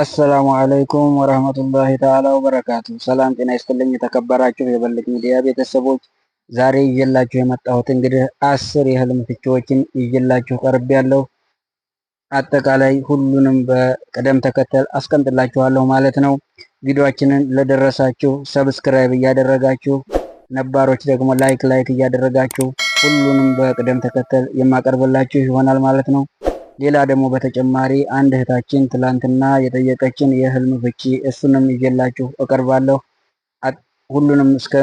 አሰላሙ አለይኩም ወረህመቱላሂ ተዓላ ወበረካቱ። ሰላም ጤና ይስጥልኝ የተከበራችሁ የበልቅ ሚዲያ ቤተሰቦች፣ ዛሬ ይዤላችሁ የመጣሁት እንግዲህ አስር የህልም ፍቺዎችን ይዤላችሁ ቀርብ ያለው አጠቃላይ ሁሉንም በቅደም ተከተል አስቀምጥላችኋለሁ ማለት ነው። ቪዲዮችንን ለደረሳችሁ ሰብስክራይብ እያደረጋችሁ ነባሮች ደግሞ ላይክ ላይክ እያደረጋችሁ ሁሉንም በቅደም ተከተል የማቀርብላችሁ ይሆናል ማለት ነው። ሌላ ደግሞ በተጨማሪ አንድ እህታችን ትላንትና የጠየቀችን የህልም ፍቺ እሱንም ይዤላችሁ እቀርባለሁ። ሁሉንም እስከ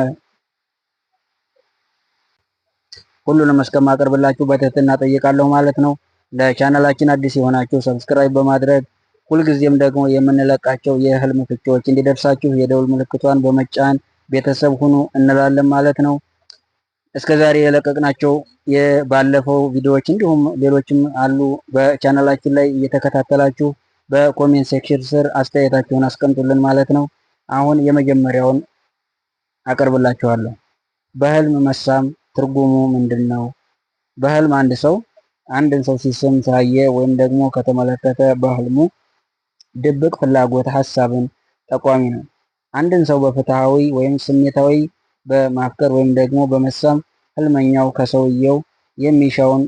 ሁሉንም እስከማቀርብላችሁ በትህትና ጠይቃለሁ ማለት ነው። ለቻናላችን አዲስ የሆናችሁ ሰብስክራይብ በማድረግ ሁልጊዜም ደግሞ የምንለቃቸው የህልም ፍቺዎች እንዲደርሳችሁ የደውል ምልክቷን በመጫን ቤተሰብ ሁኑ እንላለን ማለት ነው። እስከ ዛሬ የለቀቅናቸው የባለፈው ቪዲዮዎች እንዲሁም ሌሎችም አሉ። በቻናላችን ላይ እየተከታተላችሁ በኮሜንት ሴክሽን ስር አስተያየታችሁን አስቀምጡልን ማለት ነው። አሁን የመጀመሪያውን አቀርብላችኋለሁ። በህልም መሳም ትርጉሙ ምንድን ነው? በህልም አንድ ሰው አንድን ሰው ሲስም ሳየ ወይም ደግሞ ከተመለከተ በህልሙ ድብቅ ፍላጎት ሀሳብን ጠቋሚ ነው። አንድን ሰው በፍትሃዊ ወይም ስሜታዊ በማከር ወይም ደግሞ በመሳም ህልመኛው ከሰውየው የሚሻውን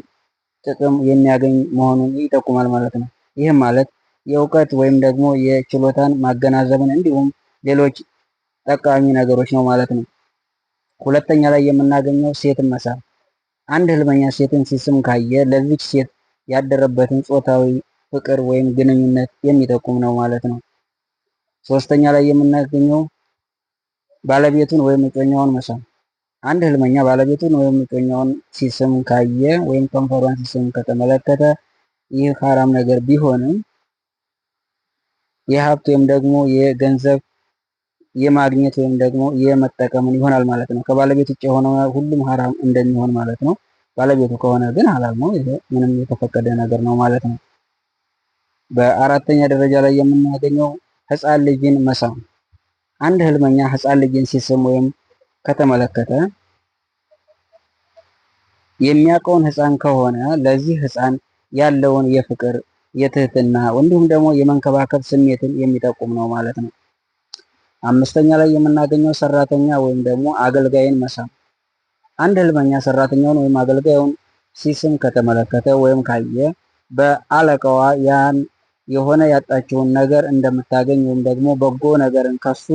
ጥቅም የሚያገኝ መሆኑን ይጠቁማል ማለት ነው። ይህም ማለት የእውቀት ወይም ደግሞ የችሎታን ማገናዘብን እንዲሁም ሌሎች ጠቃሚ ነገሮች ነው ማለት ነው። ሁለተኛ ላይ የምናገኘው ሴትን መሳብ። አንድ ህልመኛ ሴትን ሲስም ካየ ለዚች ሴት ያደረበትን ጾታዊ ፍቅር ወይም ግንኙነት የሚጠቁም ነው ማለት ነው። ሶስተኛ ላይ የምናገኘው ባለቤቱን ወይም እጮኛውን መሳም። አንድ ህልመኛ ባለቤቱን ወይም እጮኛውን ሲስም ካየ ወይም ከንፈሯን ሲስም ከተመለከተ ይህ ሐራም ነገር ቢሆንም የሀብት ወይም ደግሞ የገንዘብ የማግኘት ወይም ደግሞ የመጠቀምን ይሆናል ማለት ነው። ከባለቤት ውጭ የሆነ ሁሉም ሐራም እንደሚሆን ማለት ነው። ባለቤቱ ከሆነ ግን ሐላል ነው። ይሄ ምንም የተፈቀደ ነገር ነው ማለት ነው። በአራተኛ ደረጃ ላይ የምናገኘው ህፃን ልጅን መሳም አንድ ህልመኛ ህፃን ልጅን ሲስም ወይም ከተመለከተ የሚያውቀውን ህፃን ከሆነ ለዚህ ህፃን ያለውን የፍቅር፣ የትህትና እንዲሁም ደግሞ የመንከባከብ ስሜትን የሚጠቁም ነው ማለት ነው። አምስተኛ ላይ የምናገኘው ሰራተኛ ወይም ደግሞ አገልጋይን መሳም። አንድ ህልመኛ ሰራተኛውን ወይም አገልጋዩን ሲስም ከተመለከተ ወይም ካየ በአለቃዋ ያን የሆነ ያጣችውን ነገር እንደምታገኝ ወይም ደግሞ በጎ ነገርን ከሱ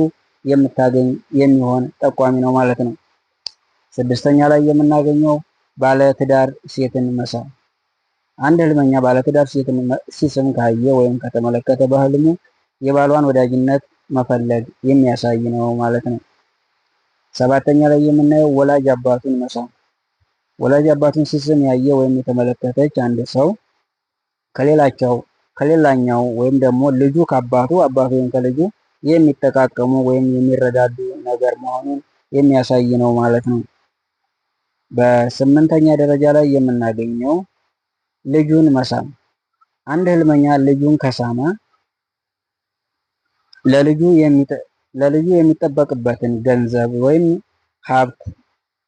የምታገኝ የሚሆን ጠቋሚ ነው ማለት ነው። ስድስተኛ ላይ የምናገኘው ባለትዳር ሴትን መሳብ። አንድ ህልመኛ ባለትዳር ሴትን ሲስም ካየ ወይም ከተመለከተ በህልሙ የባሏን ወዳጅነት መፈለግ የሚያሳይ ነው ማለት ነው። ሰባተኛ ላይ የምናየው ወላጅ አባቱን መሳ ወላጅ አባቱን ሲስም ያየ ወይም የተመለከተች አንድ ሰው ከሌላቸው ከሌላኛው ወይም ደግሞ ልጁ ከአባቱ አባቱ ወይም ከልጁ የሚጠቃቀሙ ወይም የሚረዳዱ ነገር መሆኑን የሚያሳይ ነው ማለት ነው። በስምንተኛ ደረጃ ላይ የምናገኘው ልጁን መሳም። አንድ ህልመኛ ልጁን ከሳመ ለልጁ የሚጠበቅበትን ገንዘብ ወይም ሀብት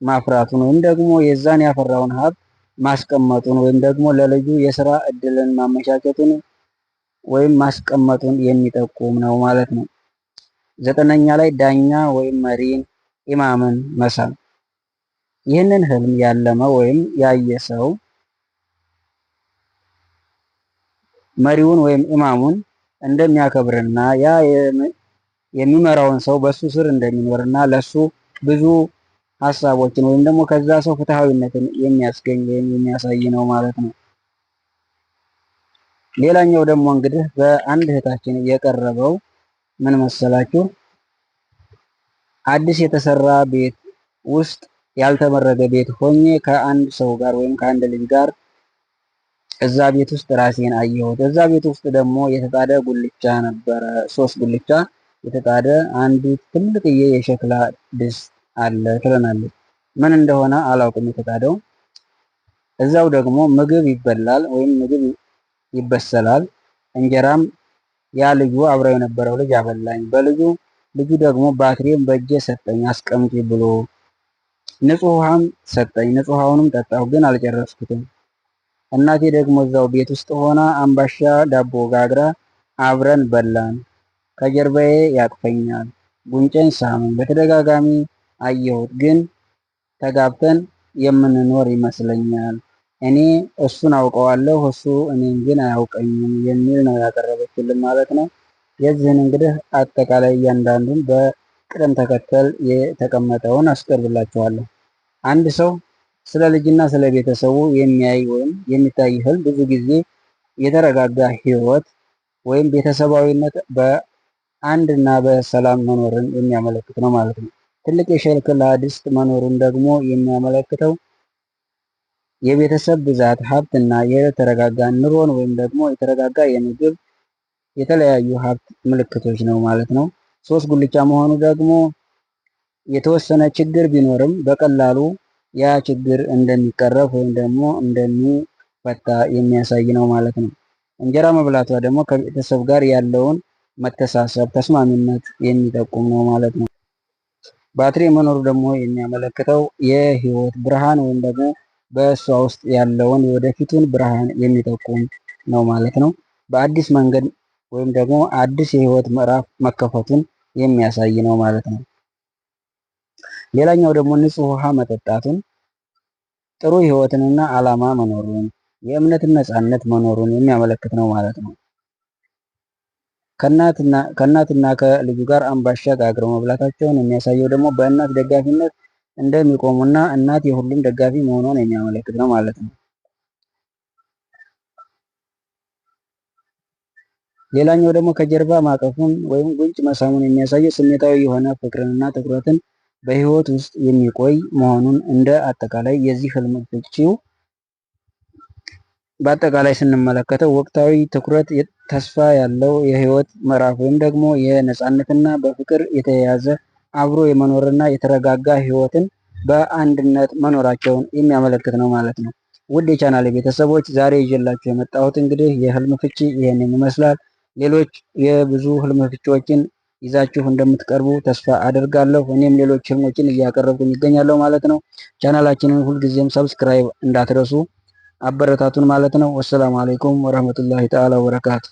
ማፍራቱን ወይም ደግሞ የዛን ያፈራውን ሀብት ማስቀመጡን ወይም ደግሞ ለልጁ የስራ እድልን ማመቻቸቱን ወይም ማስቀመጡን የሚጠቁም ነው ማለት ነው። ዘጠነኛ ላይ ዳኛ ወይም መሪን ኢማምን መሳል። ይህንን ህልም ያለመ ወይም ያየ ሰው መሪውን ወይም ኢማሙን እንደሚያከብርና ያ የሚመራውን ሰው በሱ ስር እንደሚኖርና ለሱ ብዙ ሀሳቦችን ወይም ደግሞ ከዛ ሰው ፍትሐዊነትን የሚያስገኝ ወይም የሚያሳይ ነው ማለት ነው። ሌላኛው ደግሞ እንግዲህ በአንድ እህታችን የቀረበው ምን መሰላችሁ? አዲስ የተሰራ ቤት ውስጥ ያልተመረገ ቤት ሆኜ ከአንድ ሰው ጋር ወይም ከአንድ ልጅ ጋር እዛ ቤት ውስጥ ራሴን አየሁት። እዛ ቤት ውስጥ ደግሞ የተጣደ ጉልቻ ነበረ፣ ሶስት ጉልቻ የተጣደ አንዱ ትልቅዬ የሸክላ ድስት አለ ትለናለች። ምን እንደሆነ አላውቅም የተጣደው። እዛው ደግሞ ምግብ ይበላል ወይም ምግብ ይበሰላል። እንጀራም ያ ልጁ አብረው የነበረው ልጅ አበላኝ፣ በልጁ ልጁ ደግሞ ባትሪም በእጄ ሰጠኝ አስቀምጪ ብሎ ንጹህ ውሃም ሰጠኝ። ንጹህ ውሃውንም ጠጣሁ፣ ግን አልጨረስኩትም። እናቴ ደግሞ እዛው ቤት ውስጥ ሆና አምባሻ ዳቦ ጋግራ አብረን በላን። ከጀርባዬ ያቅፈኛል፣ ጉንጨን ሳመኝ። በተደጋጋሚ አየሁት፣ ግን ተጋብተን የምንኖር ይመስለኛል። እኔ እሱን አውቀዋለሁ እሱ እኔን ግን አያውቀኝም የሚል ነው ያቀረበችልን ማለት ነው። የዚህን እንግዲህ አጠቃላይ እያንዳንዱን በቅደም ተከተል የተቀመጠውን አስቀርብላችኋለሁ። አንድ ሰው ስለ ልጅና ስለ ቤተሰቡ የሚያይ ወይም የሚታይ ህል ብዙ ጊዜ የተረጋጋ ህይወት ወይም ቤተሰባዊነት በአንድና በሰላም መኖርን የሚያመለክት ነው ማለት ነው። ትልቅ የሸልክላ ድስት መኖሩን ደግሞ የሚያመለክተው የቤተሰብ ብዛት ሀብትና የተረጋጋ ኑሮን ወይም ደግሞ የተረጋጋ የምግብ የተለያዩ ሀብት ምልክቶች ነው ማለት ነው። ሶስት ጉልቻ መሆኑ ደግሞ የተወሰነ ችግር ቢኖርም በቀላሉ ያ ችግር እንደሚቀረፍ ወይም ደግሞ እንደሚፈታ የሚያሳይ ነው ማለት ነው። እንጀራ መብላቷ ደግሞ ከቤተሰብ ጋር ያለውን መተሳሰብ፣ ተስማሚነት የሚጠቁም ነው ማለት ነው። ባትሪ መኖሩ ደግሞ የሚያመለክተው የህይወት ብርሃን ወይም ደግሞ በእሷ ውስጥ ያለውን የወደፊቱን ብርሃን የሚጠቁም ነው ማለት ነው። በአዲስ መንገድ ወይም ደግሞ አዲስ የህይወት ምዕራፍ መከፈቱን የሚያሳይ ነው ማለት ነው። ሌላኛው ደግሞ ንጹህ ውሃ መጠጣቱን፣ ጥሩ ህይወትንና ዓላማ መኖሩን፣ የእምነትን ነፃነት መኖሩን የሚያመለክት ነው ማለት ነው። ከእናትና ከልጁ ጋር አምባሻ ጋግረው መብላታቸውን የሚያሳየው ደግሞ በእናት ደጋፊነት እንደሚቆሙና እናት የሁሉም ደጋፊ መሆኗን የሚያመለክት ነው ማለት ነው። ሌላኛው ደግሞ ከጀርባ ማቀፉን ወይም ጉንጭ መሳሙን የሚያሳየው ስሜታዊ የሆነ ፍቅርንና ትኩረትን በህይወት ውስጥ የሚቆይ መሆኑን እንደ አጠቃላይ የዚህ ህልም ፍቺው በአጠቃላይ ስንመለከተው ወቅታዊ ትኩረት ተስፋ ያለው የህይወት ምዕራፍ ወይም ደግሞ የነፃነትና በፍቅር የተያያዘ አብሮ የመኖርና የተረጋጋ ህይወትን በአንድነት መኖራቸውን የሚያመለክት ነው ማለት ነው። ውድ የቻናል ቤተሰቦች ዛሬ ይዤላችሁ የመጣሁት እንግዲህ የህልም ፍቺ ይህንን ይመስላል። ሌሎች የብዙ ህልም ፍቺዎችን ይዛችሁ እንደምትቀርቡ ተስፋ አደርጋለሁ። እኔም ሌሎች ህልሞችን እያቀረብኩኝ ይገኛለሁ ማለት ነው። ቻናላችንን ሁልጊዜም ሰብስክራይብ እንዳትረሱ አበረታቱን ማለት ነው። ወሰላሙ አሌይኩም ወረህመቱላሂ ተዓላ ወበረካቱ